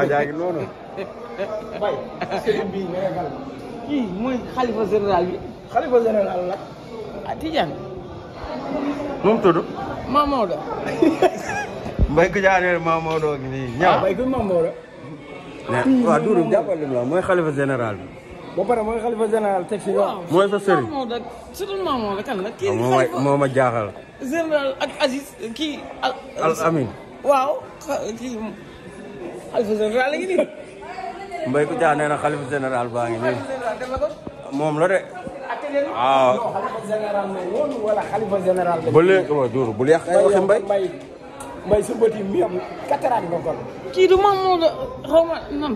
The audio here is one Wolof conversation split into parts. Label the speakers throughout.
Speaker 1: waajaa ngi noonu.
Speaker 2: bay sëriñ bii nga yaakaar kii mooy xalifa général bi. xalifa général la. ah Tijaan. moom tudd. Mamadou.
Speaker 1: mbay ku jaaree Mamadou ak nii ñaaw. ah mbay ku Mamadou. mais hmm. waaw Doudou jàppale ma mooy xalifa général bi. ba pare mooy xalifa général teg si
Speaker 2: waaw mooy sa sëriñ surtout Mamadou kan la. kii moo ma jaaxal. général ak Aziz kii. Al Amin waaw kii. xalifa général la ngi
Speaker 1: na xalifa général baa ngi nii. moom la de.
Speaker 2: waaw. Ah. wala xalifa général mbay léegi
Speaker 1: waaw Diourou bul yàq nga
Speaker 2: kon. kii du moom moo xaw ma nan.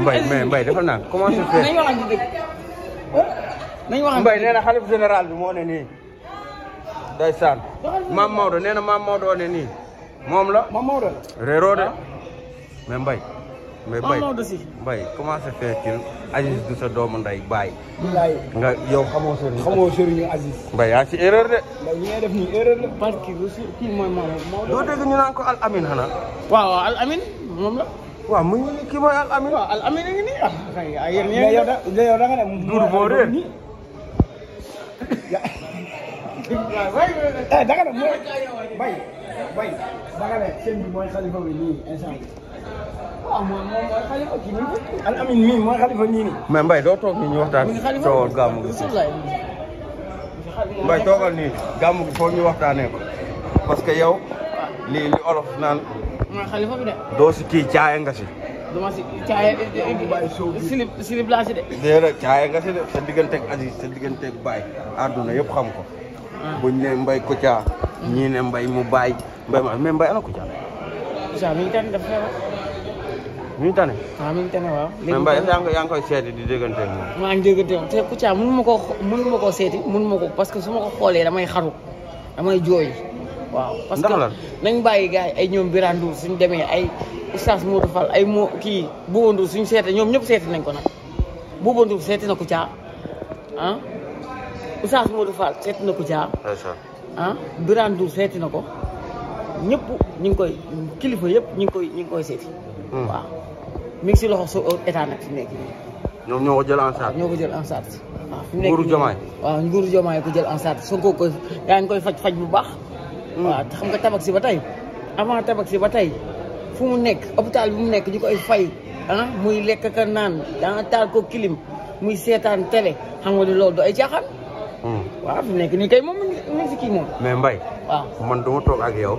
Speaker 2: Mbaye mais
Speaker 1: Mbaye defal naa ko
Speaker 2: comment nañu wax ak dëgg.
Speaker 1: nañu général bi moo ni nii. day saan. maam Maodo nee maam Maodo ne nii. moom la maam mais Mbaye. mais Mbaye Mbaye comment ça fait du sa doomu nday bàyyi. nga yow de.
Speaker 2: doo dégg ñu ko Al Amin xanaa. waaw Al Amin moom la. waaw mu ngi Al Amin. Al Amin a ngi nii ah, ay yéen danga ne mooy Mbaye Mbaye danga waaw moom moom mooy xalifa kii
Speaker 1: nii. al doo toog nii waxtaan. coowal gàmmu gi Mbaye toogal nii gàmmu gi foo ñu waxtaanee ko. parce que yow lii li olof naan. mooy xalifa bi de. doo si kii caaya nga si.
Speaker 2: si caaya eh, eh,
Speaker 1: eh, silib silib si de. déedéet caaya nga si de sa digganteeg Aziz sa digganteeg Baye àdduna yëpp xam ko.
Speaker 2: Ah.
Speaker 1: buñ ne Mbaye Kouthia. ñii mbay Mbaye mu Baye Mbaye ma mais Mbaye ana Kouthia.
Speaker 2: Kouthia mi ngi tànn dafa bay, à, có mi tane ah mi ngi tane waaw. léegi mais Mbaye yaa ngi yaa
Speaker 1: ngi koy seeti di déggante ak moom.
Speaker 2: maa ngi déggante ak moom te Kouthia mënu ma koo mënu ma koo là mày ma ko parce que su ma ko xoolee damay xaru damay jooy. waaw parce que nañ bàyyi gars yi ay ñoom Birane Ndour suñu demee ay Oustaz Modou Fall ay moo kii Bouba Ndour suñu seete ñoom ñëpp seeti nañ ko nag Bouba Ndour seeti na Kouthia ah Oustaz Modou Fall seeti na Kouthia ah Birane Ndour seeti na ko ñëpp ñu ngi koy kilifa yëpp ñu ngi coi ñu coi koy seeti waaw ah. mi ngi si loxo so état fi mu nekk nii.
Speaker 1: ñoom ñoo ko jël en charge ñoo ko jël en
Speaker 2: charge. Ah. Ah, nekk nguuru Jomaay waaw ko jël en charge soo ko yaa ngi koy faj faj bu baax. Hmm. waa xam nga tabax si ba tey avant tabax si ba tey fu mu nekk hôpital bi mu nekk ñu koy fay muy lekk ka naan ah taal ko kilim muy seetaan télé xam nga ni loolu du ay caaxaan. Hmm. waaw fi mu nekk nii kay moom mi ngi fi kii moom. mais Mbaye. waaw
Speaker 1: man du toog ak yow.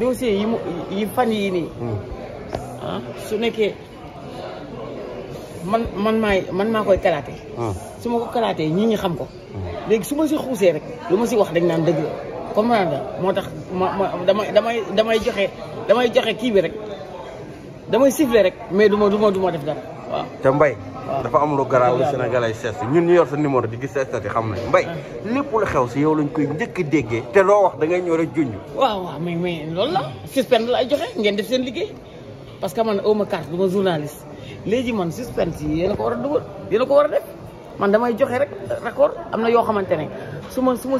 Speaker 2: dossier yi mu yi fan yii nii. Hmm. ah su nekkee man man maay man maa koy kalaatee. Hmm. su ma ko kalaatee ñii ñi xam ko. Hmm. léegi su ma si xuusee rek lu ma si wax dañ naan dëgg la comme maanaam moo tax ma ma damay damay damay joxe damay joxe kii bi rek damay siffler rek mais du ma du ma du ma def dara waaw.
Speaker 1: te Mbaye. dafa am lu garaaw lu Sénégalais seet ñun ñu yor sa numéro di gis seet xam nañ mbay lépp lu xew si yow lañ koy njëkk déggee te loo wax da ngay ñëw rek junj
Speaker 2: waaw waaw mais mais loolu la suspend la ay ngeen def seen liggéey parce que man awma oh carte du journaliste léegi man suspense yi yéena ko war a dugal ko war def man damay joxe rek record am na yoo xamante ne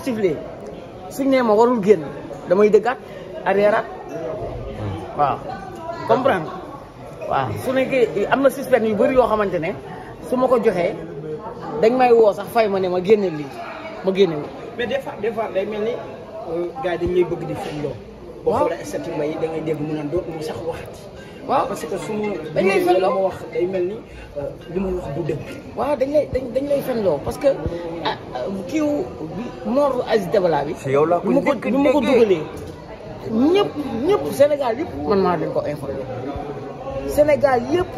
Speaker 2: sifflé suñ ma warul génn damay arrière hmm. waaw comprendre waaw su nekkee am na yu bëri yoo xamante ne su ma ko joxee dañ may woo sax fay ma ne ma génne lii ma génne wu. des fois des fois day mel ni euh, gars yi dañ bëgg di feeñ loo. boo xoolee statut da ngay dégg mu naan doot waaw parce que su ma. dañ lay ma wax day mel ni euh, li ma wax du waaw dañ lay dañ lay fen loo parce que ah, ah kii wu Mor Aziz bi. yow laa ko njëkk a ma ko dugalee. ñëpp ñëpp Sénégal yëpp man maa leen ko informé Sénégal yëpp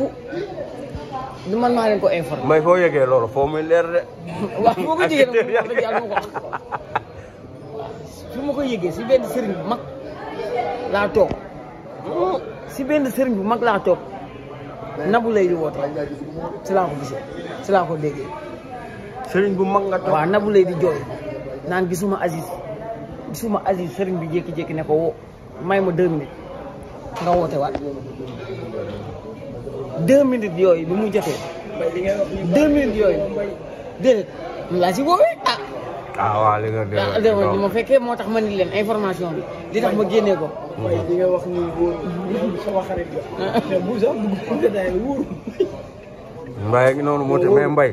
Speaker 2: du man maa leen ko informé.
Speaker 1: may foo yegee loolu foo muy leer de. waaw fu ma ko jigéen ma ko
Speaker 2: su si benn sëriñ bu mag laa toog si benn sëriñ bu mag laa toog nabu lay di woote si laa ko gisee si laa ko déggee. sëriñ bu mag nga toog waaw nabu lay di jooy naan gisuma Aziz gisuma Aziz sëriñ bi jékki-jékki ne ko may ma deux nga woote waat. deux minutes yooyu bi mu jotee deux minutes yooyu déedéet laa si woowee ah.
Speaker 1: ah waaw ah, li ma
Speaker 2: fekkee moo tax ma ni leen information bi li tax ma génnee ko. li nga wax
Speaker 1: ni noonu moo te mais Mbaye.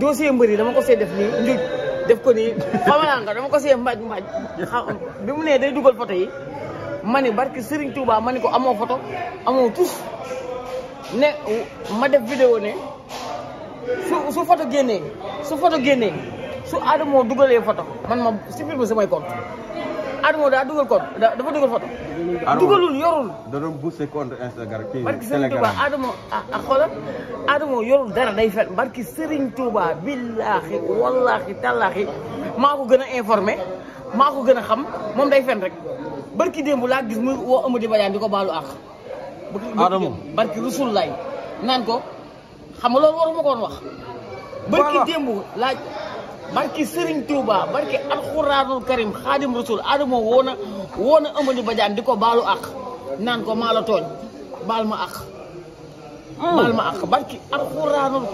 Speaker 2: dossier mbër yi dama ko see def nii njuj def ko nii xamanaan nga dama ko see mbaj mbaj bi mu nee day dugal photo yi ma ni barki Serigne Touba ma ni ko amoo foto amoo tus ne ma def vidéo ne su su photo génnee su photo génnee su Adamo dugalee foto man ma supprimer samay compte Adamo daa dugal compte dafa dugal photo. dugalul
Speaker 1: yorul. da doon booster compte Instagram kii Telegram
Speaker 2: yorul dara day fen barki Serigne Touba billaahi wallaahi tallaahi maa ko gën a informé maa ko gën a xam moom day fen rek barki démb laa gis muy woo Amady Badiane di ko baalu àq. Adamo barki Rasul naan ko xam nga loolu waruma koon wax. barki démb laa. barki Serigne Touba barki alxuraanul karim xaadim rasul Adama woo na woo na di ko baalu àq naan ko maa la tooñ baal ma àq. Hmm. baal ma àq barki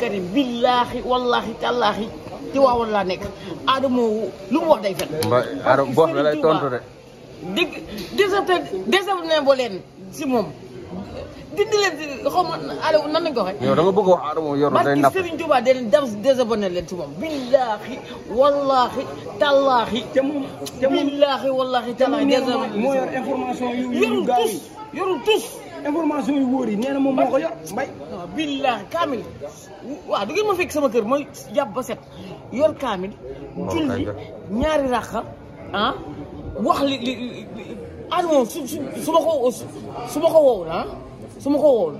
Speaker 2: karim billaahi wallaahi tallaahi ci waawoon laa nekk Adama lu mu wax day fen. boo lay tontu de. dig désabte désabte ne leen si moom. dindi leen xaw ma allo nan lañ ko waxee. yow da nga bëgg a wax Adama yor na day napp Serigne Touba day leen désabonné leen ci moom. billaahi wallaahi tallaahi. te moom te moom billaahi wallaahi tallaahi. désabonné moo yor information yu yu gaaw yi yorul tous yorul tous. information yu wóor yi nee moo ko yor mbay. waaw billahi kaamil waaw du ngeen ma fekk sama kër mooy jàpp ba set yor kaamil. julli ñaari raxa ah, wax li. Adama moom su su su ma ko su ma ko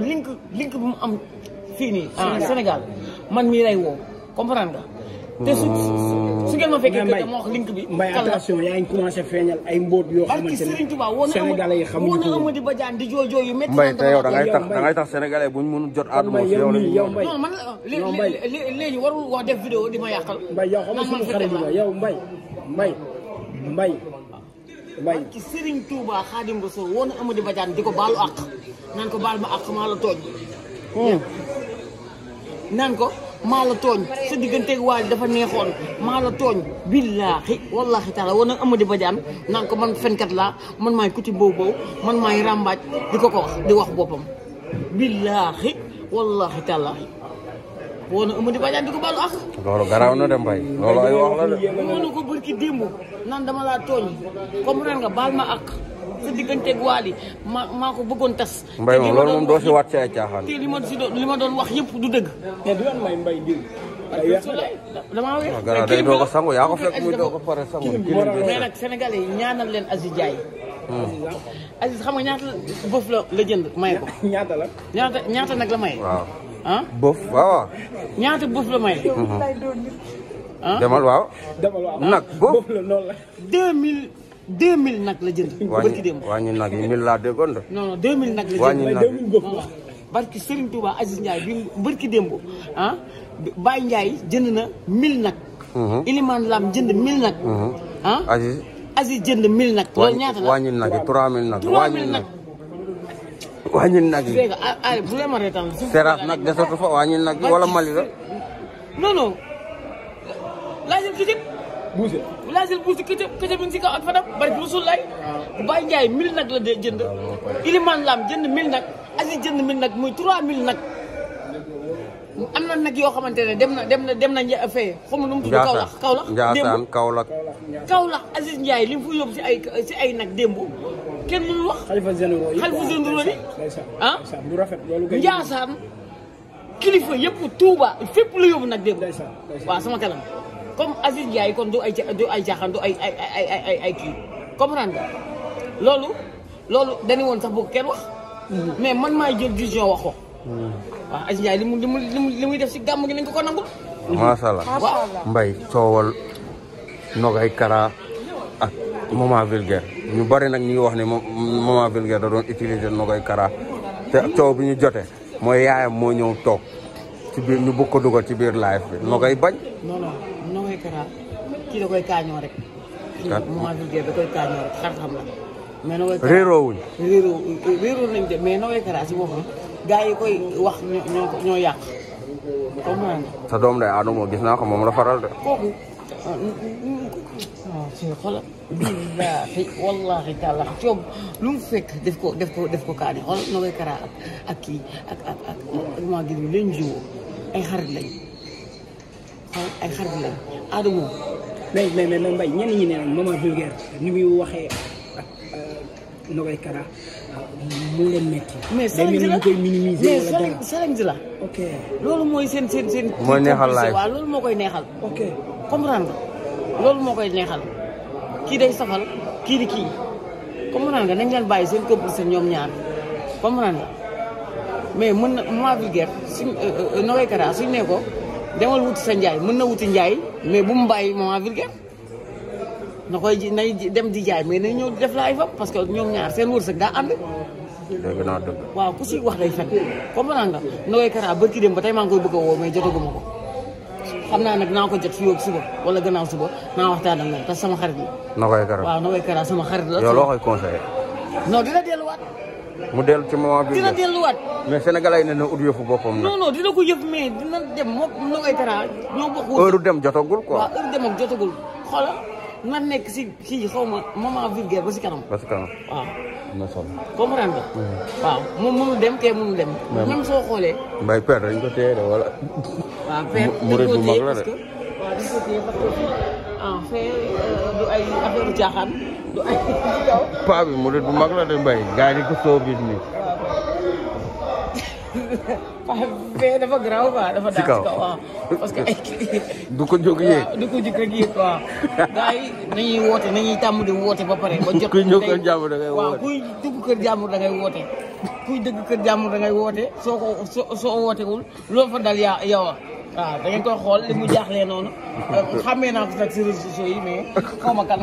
Speaker 2: link link bu mu am fii nii. ah Sénégal man mii lay woo comprendre nga. te su su ngeen ma fekkee que ma wax link bi. mbay attention yaa ngi commencé feeñal ay mbóot yoo
Speaker 1: xamante ne sénégalais yi xamuñu ko woon
Speaker 2: ba jaan di joojoo yu métti. mbay te yow da tax da ngay tax
Speaker 1: sénégalais buñ mënul jot aaduma si yow la ñu.
Speaker 2: ma yàqal. mbay yow xam nga suñu mbay mbay. bay ci serigne touba khadim rasul won amadi badian diko balu ak nan ko bal ma ak ma la togn hmm. ya. nan ko ma la togn sa digënté ak wali dafa neexon ma la togn billahi wallahi taala won amadi badian nan ko man fenkat la man may kuti bow bow man may rambaj diko ko wax di wax bopam billahi wallahi taala Wono umudi banyak duko ak. bal ma ak. ma lima lima iya, ya, kan ya? nah, gara ya, hmm. Aziz xam nga ñaata bëf la jënd may ko ñaata la ñaata ñaata nak la may ah
Speaker 1: bof waaw waaw.
Speaker 2: ñaata bof la may. demal waaw. nag bof la noonu la. deux mille deux mille nag la jënd. barki dem waa
Speaker 1: ñu nag yi mille laa déggoon de.
Speaker 2: jënd waa ñu nag barki Serigne na mille nag. Mhm. Ilimane Lam jënd mille nag. ah Aziz. Aziz jënd mille nag. loolu ñaata la
Speaker 1: trois mille nag. trois mille nag. wàññil nag yi. dégg
Speaker 2: nga ah, ah,
Speaker 1: Seras nag desatu fa wàññil nag yi wala Mali la.
Speaker 2: non non. buuse laajal buuse këjëb këjëb bi si kaw ak Fadam bari Rasuul lay. waaw ah. Baye Ndiaye nag la jënd. Iliman Lam jënd 1000 nag. Aziz nag am na nag yoo xamante ne dem na dem na dem fee xam nu mu tudd Kaolack Kaolack Ndiassane Kaolack Kaolack Aziz Ndiaye li mu fa si ay nag démb. kenn mënul wax. xalifa généraux yi xalifa ah. lu rafet loolu kay Ndiassane kilifa yëpp Touba fépp la yóbbu nag dégg waaw sama kanam comme Aziz Ndiaye kon du ay du du ay kii comprendre nga loolu loolu dañu woon sax bëgg wax. Mm-hmm. mais man maay jël décision wax def si gàmm gi nañ ko ko nangul. Mm-hmm. macha allah
Speaker 1: mbay coowal nogay kara ak moment vulgaire. ñu bari nag ñu ngi wax ni maman Vulgaire da doon utiliser Nogaye Kara te coow bi ñu jote mooy yaayam moo ñëw toog ci biir ñu bëgg ko dugal ci biir live bañ.
Speaker 2: non non Nogaye Kara kii da koy kaañoo rek. la. mais Nogaye Kara réeroo wuñ. réeroo si boppam gars yi koy wax ñoo ñoo yàq.
Speaker 1: doom day Adamo gis naa ko moom la faral de.
Speaker 2: waaw fii xoolal billaahi wallaahi taala coom lu mu fekk def ko def ko def ko kaani xoolal no koy karaa ak ak kii ak ak ak maa ngi leen jiwoo ay xarit lañ xaw ay xarit lañ aadamo mais mais mais Mbaye ñenn ñi ne nag moment vulgaire ni muy waxee ak Nogoy Kara mu leen metti. mais salinzi la koy minimiser wala dara mais salinzi la. ok loolu mooy seen seen seen. mooy neexal laay waaw loolu moo koy neexal. ok. comprendre loolu moo koy neexal kii day safal kii di kii comprendre nga nañ leen bàyyi seen këpp seen ñoom ñaar comprendre mais mën na moi vulgaire suñ euh, euh, euh, Nogaye Kara suñ ne sa njaay mën na wuti njaay mais bu mu bàyyi moi vulgaire na koy ji nay dem di jaay mais na ñëw def laay fa parce que ñoom ñaar seen wërsëg daa ànd. dëgg waaw ku si wax day fen comprendre nga Nogaye Kara bërki dem ba tey maa ngi koy bëgg a woo mais ko. xam naa nag naa ko jot fii ak suba wala gannaaw suba naa waxtaan ak moom parce que sama xarit la.
Speaker 1: Nogoy Kara waaw
Speaker 2: Nogoy Kara sama xarit la. yow loo koy conseillé. non dina delluwaat.
Speaker 1: mu dellu ci moment bi dina delluwaat. mais Sénégalais yi ne na ut yëfu boppam nag.
Speaker 2: non dina ko yëf mais dina dem moom Nogoy Kara ñoo bokk. heure dem
Speaker 1: jotagul quoi. waaw
Speaker 2: dem ak jotagul ma nekk si kii xaw ma moment ba si kanam.
Speaker 1: ba si kanam waaw. am na solo
Speaker 2: comprendre moom mënu dem kee mënu dem.
Speaker 1: mbay père dañ ko de wala.
Speaker 2: waaw père dañ ko téye parce que waaw dañ ko téye parce que en
Speaker 1: euh, bi murid bu mag la de mbay. gars yi ko soo
Speaker 2: fee dafa garaaw quoi dafa daal ci kaw parce que ay
Speaker 1: du ko jóg yéeg
Speaker 2: du ko jóg rek yéeg quoi gars yi nañuy woote nañuy tàmm di woote ba pare ba jot kuy ñëw kër jàmbur da ngay kuy dugg kër jàmbur da ngay woote kuy dugg kër jàmbur da ngay woote soo ko soo wootewul loolu fa dal yaa yow a waaw da ngeen koy xool li mu jaaxlee noonu xamee naa ko sax si réseaux sociaux yi mais xaw ma kan